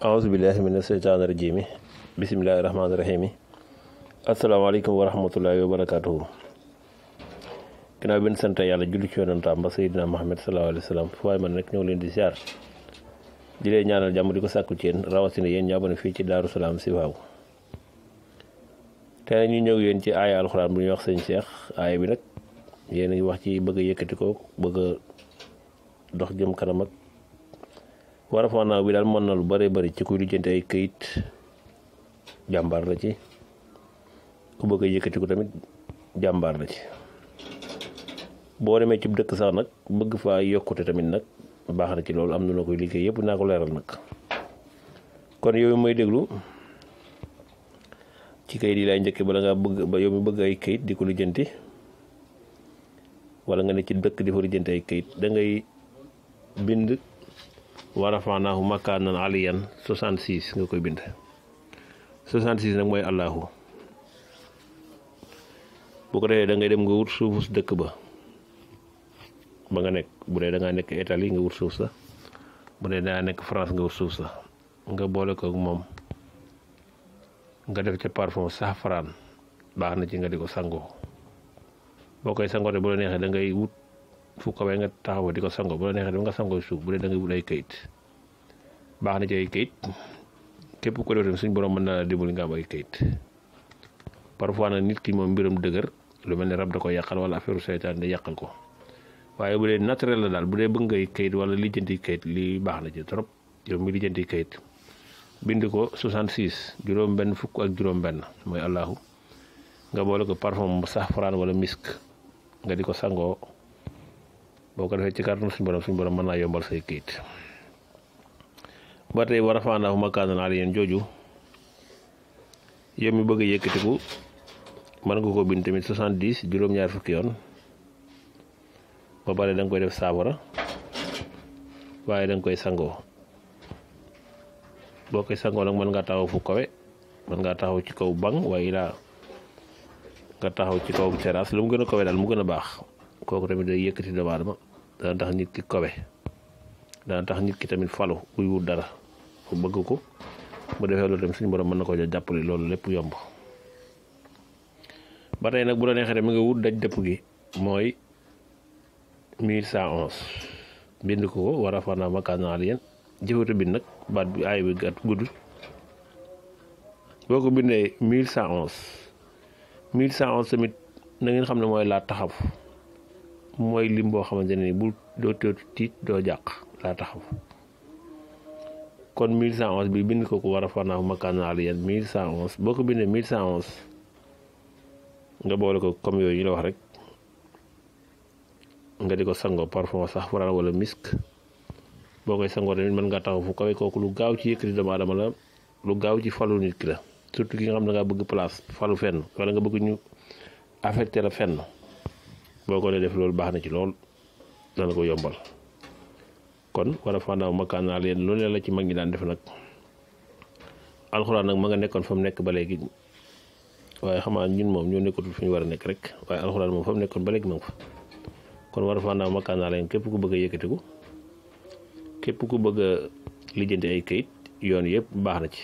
aousubillahi mina sheytaan rajimi bisimilahi rahmaani rahimi asalaamaaleykum wa rahmatullahi wa barakatuhu ginnaaw benn sant yàlla julli ci yonantaam ba sayyidina Muhammad sallallahu alayhi wa sallam fu waay man nag ñoo leen di ziar di leen ñaanal jàmm di ko sàkku ci yéen rawatina yéen ñaabone fii ci Daaru Salaam si waaw te ñu ñëw yéen ci aaya alxuraan bu wax sëñ Cheikh aaya bi nag yéen a ngi wax ci bëgg a yëkkati ko bëgg dox jëm kanam ak warafaanaaw bi daal mën na lu bëree bëri ci kuy lijjanti ay këyit jàmbaar la ci ku bëgg a yëkkati tamit jàmbaar la ci boo demee ci dëkk sax nag bëgg faa yokkute tamit nag baax na ci loolu am na noo koy liggéey yëpp naa ko leeral nag kon yooyu may déglu ci kayit yi laay njëkk bala ngaa bëgg ba yow mi bëgg ay kayit di ko lijjanti wala nga ne ci dëkk di fa lijjanti ay kayit dangay bind. wa rafanaahu makaanan aliyan 66 nga koy bind 66 nag mooy allahu bu ko defee da ngay dem nga wut suufus dëkk ba ba nga nekk bu dee da ngaa nekk Italie nga wut suuf sa bu dee da nekk France nga wut suuf sa nga boole ko moom nga def ca parfum saafraan baax na ci nga di ko sangoo boo koy sangoo te bu la neexee da ngay wut fu ko nga taxawoo di ko sangoo bu la neexee da nga sangoo suuf bu dee da ngay wut ay kayit baax na ci ay kayit képp ko def suñ borom mën naa la dimbali nga am ay parfois nag nit ki moom mbiram dëgër lu mel ni rab da ko yàqal wala affaire seytaan da yàqal ko waaye bu dee naturel la daal bu dee bëgg ngay kayit wala lijjanti kayit lii baax na ci trop yow mi lijjanti kayit bind ko 66 juróom-benn fukk ak juróom-benn mooy allahu nga boole ko parfum safran wala misk nga di ko sangoo boo ko defee ci kàttanu suñu borom suñu borom say kayit. ba tey war a faanaaw makaanan aliyan jooju yow mi bëgg a yëkkatiku mën nga ko bind tamit soixante-dix juróom-ñaar fukki yoon ba pare da koy def saafara waaye da koy sangoo boo koy sangoo nag mën ngaa taxaw fu kawe mën ngaa taxaw ci kaw bang waaye laa nga taxaw ci kaw terrasse lu mu gën a kawe daal mu gën a baax kooku tamit day yëkkati doomu aadama dana tax nit ki kawe dana tax nit ki tamit falu buy wut dara ku bëgg ko bu defee loolu tamit suñu borom mën na ko jàppale loolu lépp yomb ba tey nag bu la neexee mu nga wut daj dëpp gi mooy 1111 bind ko ko war a fanaa makaanal yéen jëfatu bind nag baat bi aay bi gàtt gudd boo ko bindee 1111 1111 tamit na ngeen xam ne mooy laa taxaw mooy lim boo xamante ne nii bul doo tiit doo jàq laa taxaw. kon 1111 bi bind ko ku war a a ma fanaaw makkaanaa aliyan 1111 boo ko bindee 1111 nga boole ko comme yooyu ñu la wax rek nga di ko sangoo parfum sax faraan wala misk boo koy sangoo tamit mën nga taxaw fu kawe kooku lu gaaw ci yëkkati doomu aadama la lu gaaw ci falu nit ki la surtout ki nga xam ne da ngaa bëgg place falu fenn wala nga bëgg ñu affecté la fenn boo ko def loolu baax na ci lool dana ko yombal. kon wala faanaaw makkaan naa leen loolu la ci mag ñi daan def nag alxuraan nag ma nga nekkoon fa mu nekk ba léegi waaye xamaa ñun moom ñoo nekkatul fi ñu war a nekk rek waaye alxuraan moom fa mu nekkoon ba léegi ma nga fa kon wala faanaaw makkaan naa leen képp ku bëgg a yëkkatiku képp ku bëgg a lijjanti ay kayit yoon yëpp baax na ci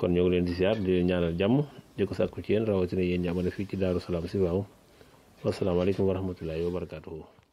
kon ñoo leen di siyaar di ñaanal jàmm di ko sàkku ci yéen rawatina yéen ñi amana fii ci Daaru Salaam si waaw wasalaamaaleykum wa rahmatullahi wa barakaatuhu